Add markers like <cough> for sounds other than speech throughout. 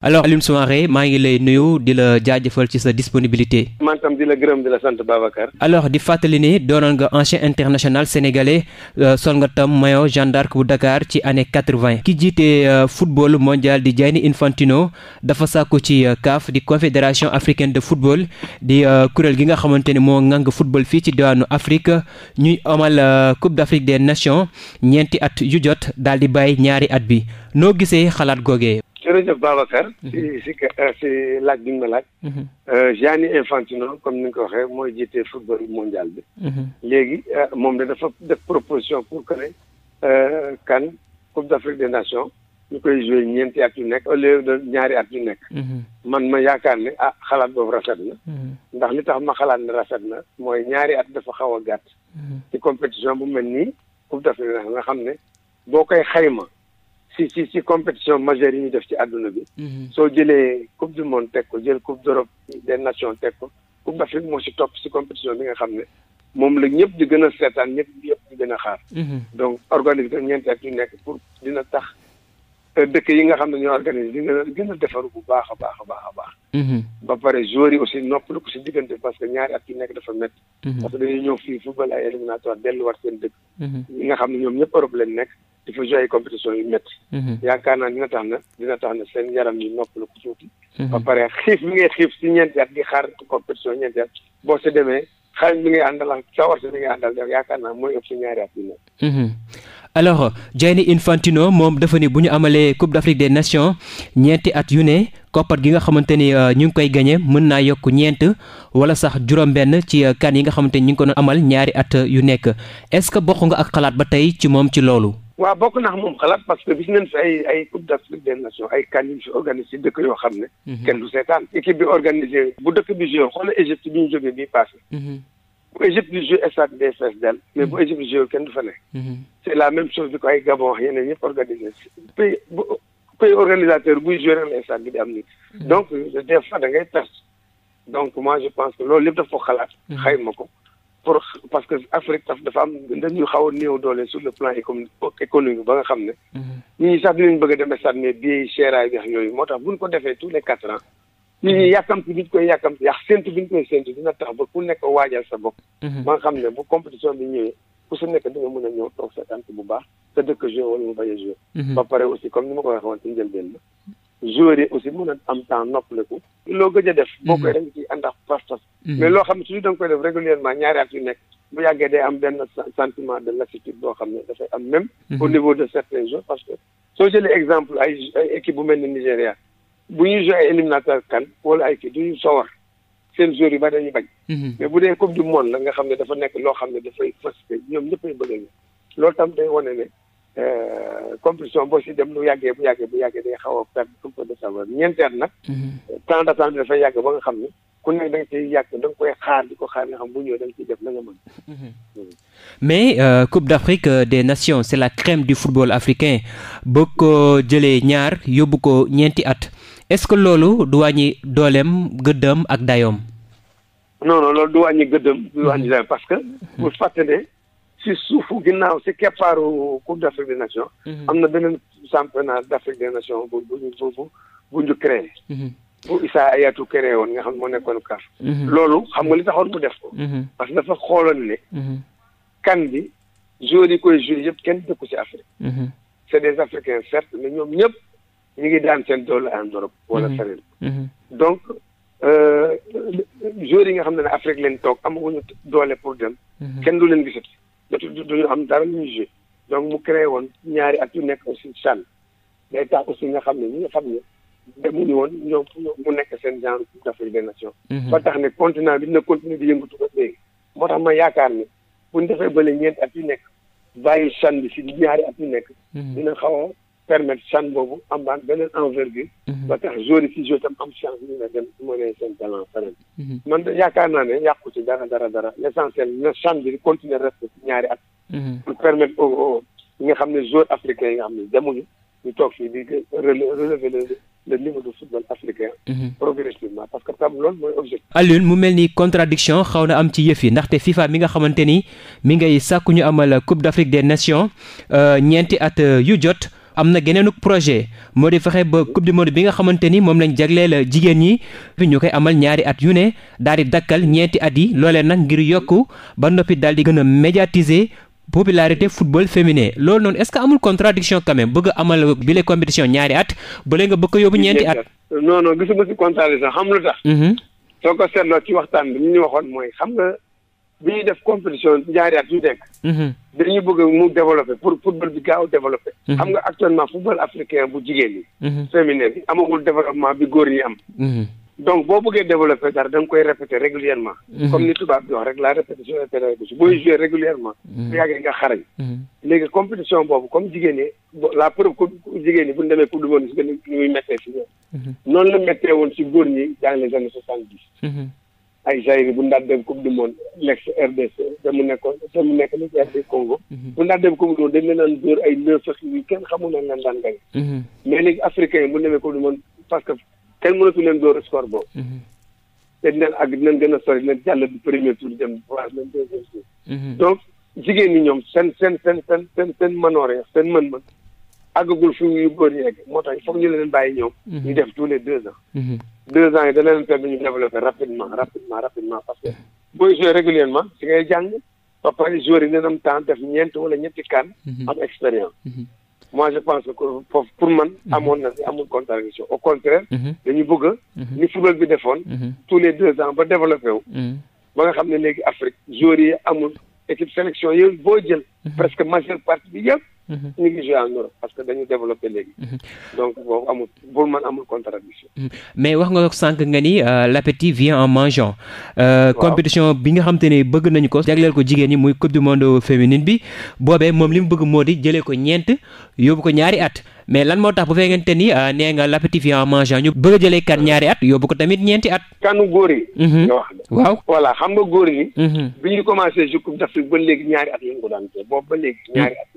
alors Alioune Soumaré maa ngi lay nuyu di la jaajëfal ci sa disponibilité. alors di fàttali ni doonoon nga ancien international sénégalais euh, sol nga tam maillot Jeanne d'Arc bu Dakar ci année quatre-vingt. ki jiite euh, football mondial di Gianni Infantino dafa sàkku ci euh, CAF di confédération africaine de football di kuréel gi nga xamante ni moo ngang football fii ci diwaanu Afrique ñuy amal Coupe d'Afrique des Nations ñeenti at yu jot daal di bàyyi ñaari at bi noo gisee xalaat googee. jërëjëf Babacar. Mhm. si si eh, si laaj bi ma laaj. Mhm. Euh, Gianni Infantino comme ni nga ko waxee mooy jiite football mondial bi. Mhm. léegi euh, moom de dafa def proposition pour que ne kan euh, Coupe d'Afrique des Nations ñu koy joué ñeenti at yu nekk au lieu ñaari at yu nekk. man ma yaakaar ni ah xalaat boobu rafet na. ndax li tax ma xalaat ne rafet na mooy ñaari at dafa xaw a gàtt. ci compétition bu mel nii Coupe d'Afrique nga xam ne boo koy xayma. si si si compétition majeure yi ñu def ci àdduna bi. Mhm. soo jëlee coupe du monde teg ko jël coupe d'Europe des nations teg ko coupe d'Afrique bi nga xam ne moom la ñëpp di gën a seetaan ñëpp yëpp di gën a xaar. Mhm. donc organiser ñeenti at yu nekk pour dina tax euh, dëkk yi nga xam ne ñoo organiser dina gën a defaru bu baax a baax a baax a baax. Mhm. ba pare joueurs yi aussi noppalu ko si diggante parce que ñaari at yu nekk dafa métti. parce que dañuy ñëw fii football ay éliminatoire delluwaat seen dëkk. yi nga xam ne ñoom ñëpp Europe lañ nekk. dafa joué ay compétition yu métti. Mhm. yaakaar naa dina tax na dina tax na seen yaram yi noppalu ko tuuti. Mhm. ba pare <laughs> xiif mi ngay xiif si ñeenti at di xaar compétition ñeenti at boo si demee xaalis mi ngay si mi ngay mooy ëpp si ñaari at yi nekk. Mhm. alors moom dafa ni bu ñu amalee Coupe d'Afrique des Nations ñeenti at yu ne koppat gi nga xamante ni euh, ñu ngi koy gañe mën naa yokk ñeent wala sax juróom-benn ci euh, kan yi nga xamante ni ñu ngi ko doon amal ñaari at yu nekk est-ce que bokk nga ak xalaat ba tey ci moom ci loolu. waaw bokk nax moom xalaat parce que gis nañ fi ay ay coupe d'Afrique des nations ay CAN yu fi organisé si dëkk yoo xam ne. Mhm. kenn du seetaan équipe bi organisé bu dëkk bi joué xoolal Égypte bi ñu jógee bii passé. Mhm. bu Égypte bi joué stade des fees del mais bu mhm. Égypte joué kenn du fa ne. c'est la même chose bi ko ay Gabon wax yeneen ñëpp organisé pays bu pays organisateur buy joué rek la stade bi am ni donc des fois da ngay donc moi je pense que loolu lépp dafa ko xalaat. xayma ko. pour parce que Afrique dafa am dañu xaw a néew doole sur le plan économique ba nga xam ne. Mhm. nit ñi sax dinañ bëgg a dem bi yooyu moo tax bu ñu ko defee tous les quatre ans. nit ñi mhm. yàkkamti bi ñu koy yàkkamti yàq séntu bi ñu koy séntu dina tax ba ku nekk waajal sa bopp. Mhm. ba nga xam ne bu compétition bi ñëwee ku si nekk di nga a ñëw toog sa tànk bu baax sa dëkk joué wala mu bañ a ba pare aussi comme ni ma ko waxee woon ci njëlbeen la. a am temps loo gëj a Mhm. mais loo xam ne su da nga koy def régulièrement ñaari at yu nekk bu yàggee day am benn sentiment de lassitude boo xam ne dafay am même mhm. au niveau de certains jours parce que soo jëlee exemple ay équipe bu mel ni Nigéria bu ñu joué ay éliminatoire kan wala ay kii duñu sowar seen joueurs yu bari dañuy bañ mhm. mais bu dee coupe du monde la nga xam ne dafa nekk loo xam ne dafay faspe ñoom ñëppay bëgg ñu loolu tam day euh, boo si dem lu yàggee bu yàggee bu yàggee day xaw a perdre un de saveur ñeenteel nag temps d'attente dafay yàgg ba nga xam ne ku nekk da nga koy xaar di ko xaar nga xam bu ñëwee da nga ciy la nga mën. Mhm. mais euh, Coupe d'Afrique euh, des Nations c'est la crème du football africain boo ko jëlee ñaar yóbbu ko ñeenti at est-ce que loolu du wàññi dooleem gëddam ak dayoom. non non loolu du wàññi gëddam mhm. parce que. bu fàttali si suufu ginnaaw si keppaaru Coupe d'Afrique des Nations. Mhm. am na beneen championnat d'Afrique des Nations bu bu bu bu Issa yaatu créé woon nga xam ne moo nekkoon CAF. Mhm. loolu xam nga li taxoon mu def ko. Mhm. parce que dafa xooloon ne. Mhm. kan bi joueurs yi koy joué yëpp kenn dëkku ci Afrique. c'est des Africains certes mais ñoom ñëpp ñu ngi daan seen doole en Europe. wala feneen. donc euh, joueurs yi nga xam ne Afrique leen toog amaguñu doole pour dem. kenn du leen gisati. dootul duñu am dara lu ñuy joué donc mu créé woon ñaari at yu nekk aussi sànn day tax aussi nga xam ne ñi nga xam ne. demuñu woon ñoom mu nekk seen genre d'Afrique des nations. Mhm. ba tax ne continent bi dina continuer moo tax ma yaakaar ne bu ñu defee bële ñeenti at yu bi si ñaari at nekk. Mhm. dina a permettre CHAN boobu am ba mhm. tax joueurs yi si joué tam am chance ñu ne dem mënee seen naa ne yàqu ci dara dara dara l' essentiel na CHAN bi continuer reste si ñaari nga xam ne joueurs africains yi nga xam ne demuñu ñu toog le niveau mhm. mu mel ni contradiction xaw na am ci yëf yi ndaxte FIFA mi nga xamante ni mi ngay sàkku ñu amal Coupe d'Afrique des Nations euh, ñeenti at euh, yu jot. am na geneenu projet moo di fexe ba coupe du monde bi nga xamante ni moom lañ jagleel jigéen ñi fi ñu koy amal ñaari at yu ne daal di dakkal ñeenti at yi loolee nag ngir yokk ba noppi daal di gën a médiatiser popularité football féminin loolu noonu est-ce que amul contradiction quand même bëgg amal bile compétition ñaari at bële nga bëgg ko ñeenti at. non non gisuma si contradiction xam lu tax. Mhm. soo ko seetloo ci waxtaan bi li ñu waxoon mooy xam nga bi def compétition ñaari at yu nekk. Mhm. dañuy bëgg mu développer pour football bi gaaw développer. Mhm. xam nga actuellement football africain bu jigéen ñi. féminin bi amagul développement bi góor ñi am. donc boo bëggee développer dara da koy répéter régulièrement mhm. comme ni tubaab di wax rek la répétition est pédagogique booy mhm. jouer régulièrement bu mhm. yàggee nga xarañ léegi compétition boobu comme jigéen ñi la preuve ko jigéen ñi bu ñu demee coupe du monde si gën a muy méttee si ñoom noonu la méttee woon si góor ñi dans les années soixante dix ay Zaïre bu ñu daan dem coupe du monde l'ex RDC te mu nekkoon te mu nekk li RD Congo bu ñu daan dem coupe du monde dañ leen daan dóor que kenn mënatu leen door score boobu. Mhm. te dinañ àgg dinañ gën a sori dinañ jàll du premier tour dem voire même mhm. donc jigéen ñi ñoom seen seen seen seen seen seen manoore seen man mën àggagul fi yu góor yegg moo tax il ñu leen bàyyi ñoom. Mhm. ñu def tous les deux ans. deux ans yi dana leen permettre ñu développer parce que booy jouer régulièrement si ngay jàng ba pare joueurs yi dina am def ñeent wala ñetti kan am expérience. moi je pense que foofu pour man mhm. amoon na si amul contradiction au contraire mhm. dañu bëgg a mhm. ni football bi defoon tous les deux ans ba développé wu ba nga xam ne léegi Afrique joueurs yi amul équipe sélection yi boo jël presque majeure partie bi yëpp Mhm. ñu ngi joué en Europe parce que dañu développé léegi. Mhm. donc boobu amul pour man amul contradiction. Mhm. mais wax nga ko sànq nga ni euh, l'appétit vient en mangeant. Euh, compétition bi nga xam te ne bëgg nañu ko. jagleel ko jigéen ñi muy coupe du monde féminine bi boobee moom li mu bëgg moo di jëlee ko ñeent yóbbu ko ñaari at. mais lan moo tax bu fekkente ni euh, nee nga l'appétit en mangeant ñu bëgg a jëlee kan ñaari at yóbbu ko tamit ñeenti at. kanu góor yi. Mhm. nga wax waaw voilà xam nga góor ñi. Mhm. bi ñu commencé Coupe d'Afrique ba ba léegi. Mhm. ñaari at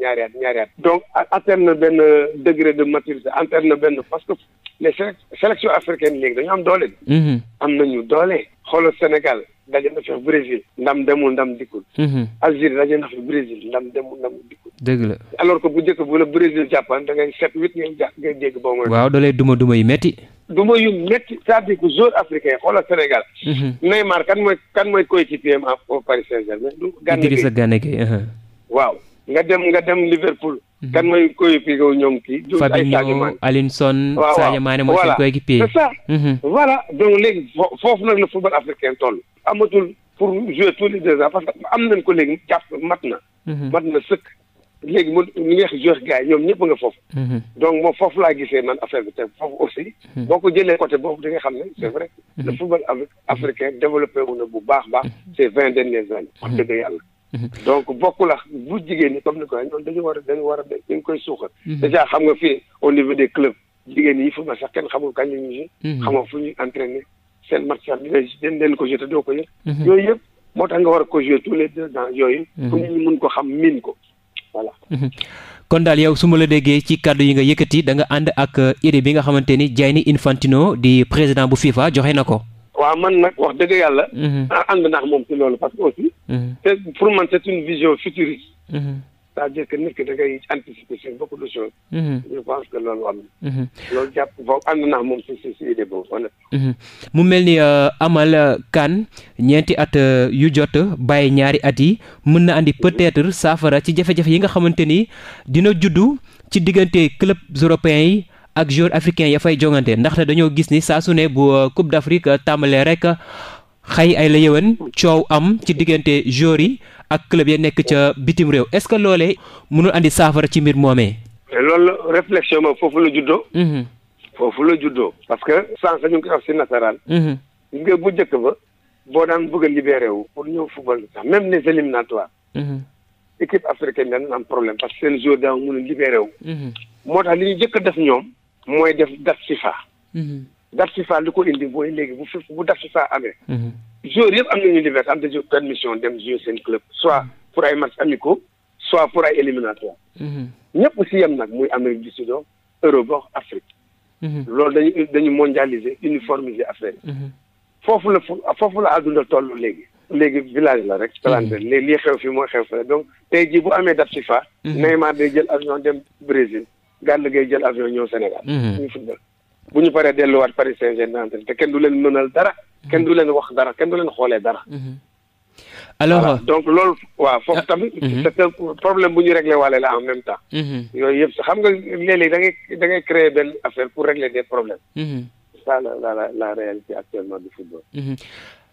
ñaari at ñaari at. donc atteindre na benn degré de maturité atteindre na benn parce que les sélections africaines léegi dañu am doole. am nañu doole xoolal Sénégal. daje na fi ak Brésil ndam demul ndam dikkul. Mhm. Algérie daje na fi ndam demul ndam dikkul. dëgg la alors que bu njëkk bu la Brésil jàppaan da ngay sept huit ngay jàpp ngay mooy. waaw da lay duma duma yu métti. duma yu métti c'est-à-dire que joueur africain xoolal Sénégal. Mhm. Neymar kan mooy kan mooy coéquipier am au Paris Saint-Germain. Idrissa Gana Gueye waaw nga dem nga dem Liverpool. Mhm. kan mooy coéquipier wu ñoom kii. Fabinho Alisson Sadio Mané mooy seen coéquipier. c'est ça. Mhm. voilà donc léegi foofu nag la football africain toll. amatul pour jouer tous les deux ans parce que am nañ ko léegi jàpp mat na. Mhm. mat na sëkk. léegi mu ñu ngi wax joueur gars ñoom ñëpp nga foofu. donc moom foofu laa gisee man affaire bi te foofu aussi. boo ko jëlee côté boobu di nga xam ne c'est vrai. le football africain développé wu na bu baax baax. ces vingt dernières années. wax dëgg yàlla. Mhm. donc bokk la bu jigéen ñi comme ni ko ñoom dañu war a dañu war a dañu koy suuxal. Mhm. déjà xam nga fii au niveau des clubs jigéen yi fu ma sax kenn xamul kañ la ñuy jouer. Mhm. fu ñuy entraîner seen match sax dinañ leen ko jouer te doo ko yëpp moo tax nga war a ko jouer tous les deux ans yooyu. pour nit mun ko xam miin ko voilà. kon daal yow su ma la déggee ci kàddu yi nga yëkkati da nga ànd ak euh, idée bi nga xamante ni Gianni Infantino di président bu FIFA joxe na ko. waaw man nag wax dëgg yàlla. Mhm. Ah, ànd naax moom ci loolu parce que aussi. Mhm. te pour man c'est une vision futuriste. Mhm. mu mel ni euh, amal euh, kan ñeenti at euh, yu jot bàyyi ñaari at yi mën na indi peut-être saafara ci jafe-jafe yi nga xamante ni dina juddu ci diggante club européen yi. ak joueur africain ya fay jongante ndaxte dañoo gis ni saa su ne bu euh, Coupe d'Afrique euh, tàmbalee rek euh, xay ay la yëwan coow am ci diggante joueur yi ak club ya nekk ca bitim réew est-ce que loolee mënul andi saafara ci mbir moomee. loolu réflexion moom foofu la juddoo. Mhm. la juddoo. parce que sànq ñu ngi koy wax si nasaraan. ñu mhm. ngi bu njëkk ba. boo daan bëgg a libéré wu pour ñëw football sax même les éliminatoires. Mhm. équipe africaine daan am problème parce que seen joueur daan mun a libéré moo tax li a def mooy def dat FIFA. Mhm. dat FIFA li ko indi mooy léegi bu fi bu dat FIFA amee. Mhm. joueurs yëpp am nañu liberté am nañu permission dem jouer seen club soit pour ay match amicaux soit pour ay éliminatoire mhm. ñëpp si yem nag muy Amérique du Sud Europe ak Afrique. loolu dañu dañu mondialiser uniformiser affaire yi. foofu la foofu la àdduna toll léegi. léegi village la rek. Salanter léegi lii xew fii mooy xew fii donc tey jii bu amee dat FIFA. Neymar day jël avion dem Brésil. gàll gay jël avion ñëw Sénégal. ñu mhm. football bu ñu paree delluwaat Paris Saint-Germain te kenn du leen mënal dara. Mhm. kenn du leen wax dara kenn du leen xoolee dara. Mhm. alors euh, donc loolu. waaw foofu ah, tamit. c'est un problème bu ñu réglé waale la en même temps. yooyu yëpp xam nga léeg-léeg da ngay benn affaire pour régler des problèmes. c'est ça la la la réalité actuellement du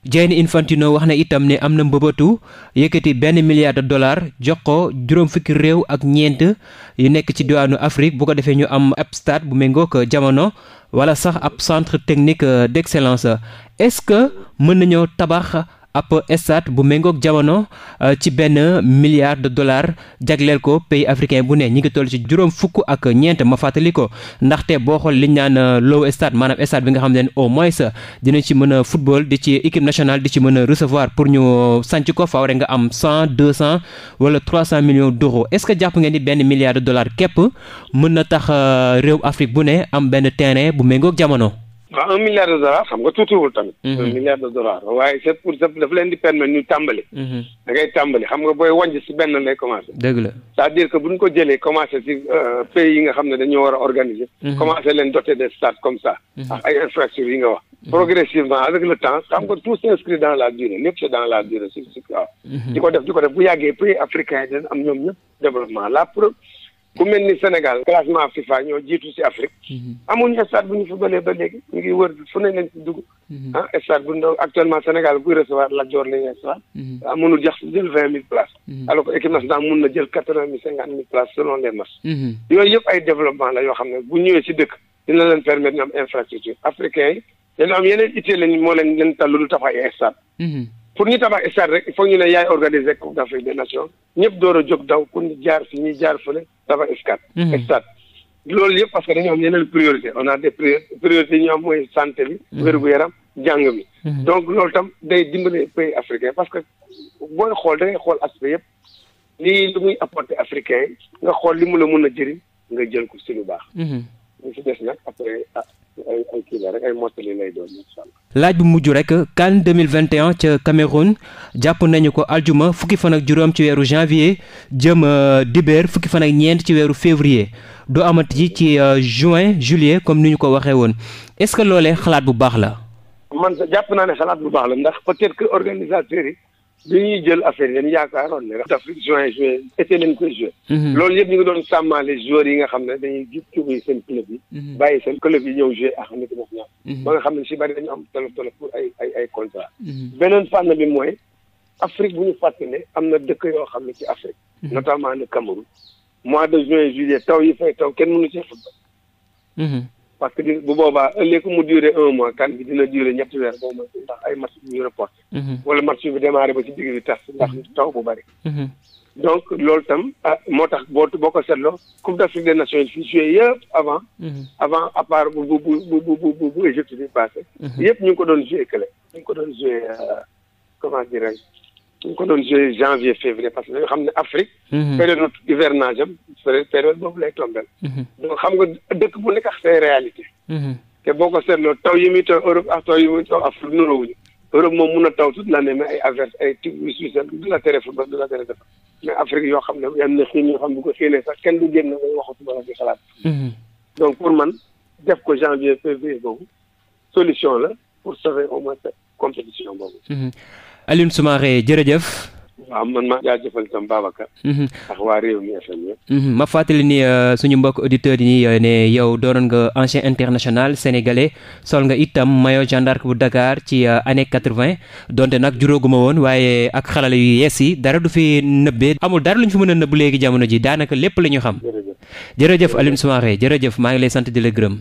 Gianni Infantino wax na itam ne am na mbëbëtu yëkkati benn milliard de dollars jox juróom fukki réew ak ñeent yu nekk ci diwaanu Afrique bu ko defee ñu am ab stade bu méngoog jamono wala sax ab centre technique d'excellence est-ce que mën nañoo tabax. ab stade bu méngoog jamono euh, ci benn milliard de dollars jagleel ko pays africain bu ne ñi ngi toll ci juróom fukk ak ñeent ma fàttali ko ndaxte boo xool liñ naan euh, low stade maanaam stade bi nga xam ne au moins dina ci mën a football di ci équipe nationale di ci mën a recevoir pour ñu euh, sànc ko faaw rek nga am cent deux cent wala trois cent millions d'euros est-ce que jàpp ngeen ni benn milliard de dollars képp mën na tax réew Afrique bu ne am benn terrain bu méngoog jamono. waaw un milliard de dollars xam nga tuutiwul tamit. Mhm. un milliard de dollars waaye sept pour daf leen di ñu tàmbali. Mhm. da ngay tàmbali xam nga booy wàññi si benn lay commencé. dëgg c'est-à-dire que bu ñu ko jëlee commencé si euh, pays yi nga xam ne dañoo war a organiser. Mhm. commencé leen doter des stades comme ça. ay infrastructures yi nga wax. progressivement avec le temps xam nga tout s'inscrit dans la durée lépp c'est dans la durée si si waaw. di ko def di ko def bu yàggee pays ku mel ni Sénégal classement FIFA ñoo jiitu ci Afrique mhm. amuñu stade bu ñu footballee ba léegi ñu ngi wër fu ne leen ci dugg mhm. ah stade bu ndaw actuellement Sénégal buy recevoir Lat Dior la ñuy stade ah mënul jax mhm. mun na jël quatre-vingt mille cinquante mille places selon les matchs yooyu yëpp ay développement la yoo xam ne bu ñëwee ci dëkk dina leen permettre ñu am infrastructure africain yi dañu am yeneen ittee lañ moo leen leen tal lu du tax ay stade pour ñu tabax stade rek il faut ñu ne yaay organiser Coupe d'Afrique des Nations ñëpp door a jóg daw ku ñu jaar fi ñuy jaar fële tabax stade. Mhm. stade loolu yëpp parce que dañoo am yeneen priorité on a des priorités yi ñu am mooy santé bi. Mhm. wér-gu-yaram jàng mi. Mhm. donc loolu tam day dimbale pays africain parce que booy xool da xool aspect yëpp lii lu muy apporter africain nga xool li mun la mun a jëriñ nga jël ko si lu baax. laaj bu mujj nag après ah, ay ay kii la rek ay mottali lay doon incha allah. laaj bu ca Cameroun jàpp nañu ko aljuma fukki fan ak juróom ci weeru janvier jëm euh, diber fukki fan ak ñeent ci weeru février doo amat yi ci euh, juin juillet comme ni ñu ko waxee woon est-ce que loolee xalaat bu baax la. man jàpp naa ne xalaat bu baax la ndax peut-être que organisateurs yi. li ñuy jël affaire yi dañu yaakaaroon ne Afrique juin juin été lañ koy joué mhm. loolu yëpp ñu ngi doon sàmmaale joueurs yi nga xam ne dañuy gis jógee seen club yi mhm. bàyyi seen club yi ñëw joué ak nit ñi ñaar mhm. ba xam ne si bari dañu am tolof tolof pour ay ay ay beneen fànn bi mooy Afrique bu ñu fàtte ne am na dëkk yoo xam ne ci Afrique notamment le Cameroun mois de juin juillet taw yi fay taw kenn mënu ci football parce que bu boobaa ëllëg mu duré un mois kan bi dina duré ñetti weer boo ma ndax ay match ñu report mhm. wala match bi démarré ba ci digg bi tas ndax mhm. taw bu bëri mhm. donc loolu tam ah moo tax boo boo ko seetloo Coupe d'Afrique des Nations fii joué yëpp avant avant à part bu bu bu bu bu Égypte bi passé yëpp ñu ngi ko doon joué kële ko doon joué euh, comment dirais ñu ko doon joué janvier février parce que dañoo xam ne Afrique. Mhm. période boobu lay tombé. Mhm. donc xam nga dëkk bu nekk ak say réalité. Mhm. te boo ko seetloo taw yi muy taw Europe ak taw yi muy taw Afrique nuroowuñu Europe moom mun a taw toute l'année mais ay averse ay tibb suuf du mais Afrique yoo xam ne yam na xiin yoo xam bu ko xiinee sax kenn du génn ngay waxatu wala di xalaat. donc pour man def ko janvier février boobu solution la pour sauver au moins compétition boobu. Alioune Soumaré jërëjëf. waaw mhm. mhm. ma fàttali ni euh, suñu mbokk auditeurs yi ne yow doonoon nga ancien international sénégalais sol nga itam maillot Jeanne d'Arc bu Dakar ci euh, année quatre-vingt donte nag juróoguma woon waaye ak xalala yu yees yi dara du fi nëbbee amul dara lu ñu fi mën a nëbb léegi jamono ji daanaka lépp la ñu xam. jërëjëf Alioune Soumaré jërëjëf maa ngi lay sant di la gërëm.